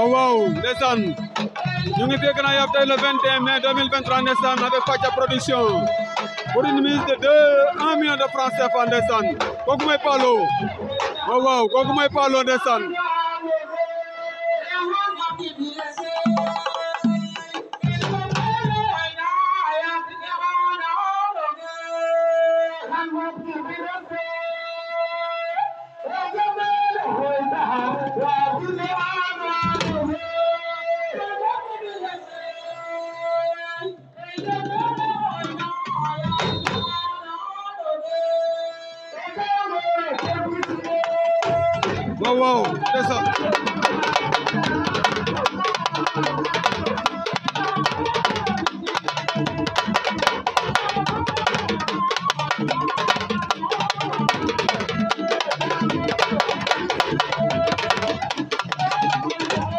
oh waaw ndeysaan ñu ngi fii Grand Yoff tey le 21 mai 2023 ndeysaan avec Fathia production pour une mise de deux un million de francs CFA ndeysaan kooku mooy Paalo oh waaw kooku Paalo ndeysaan Whoa, whoa, that's up.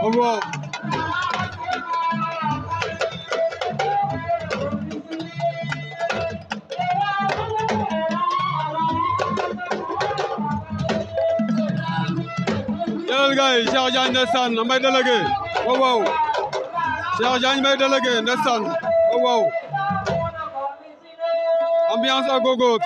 Whoa, whoa. gars yi Cheikh Diagne ndeysaan mbay délégué waaw waaw Cheikh Diagne mbay délégué ndeysaan waaw waaw ambiance à gogo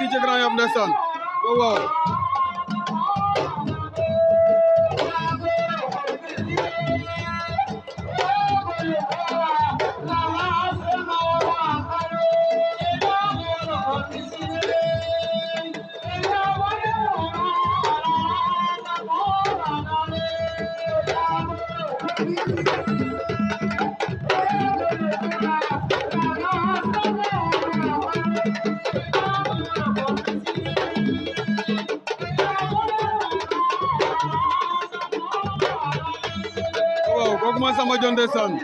ma sama jon ndeysaan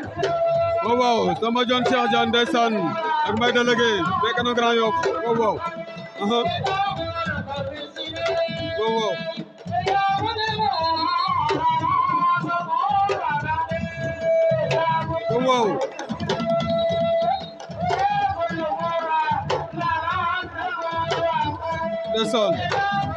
waaw waaw sama jon Cheikh Diagne ndeysaan ak may délégué fekk na Grand Yoff waaw waaw whoa. That's all.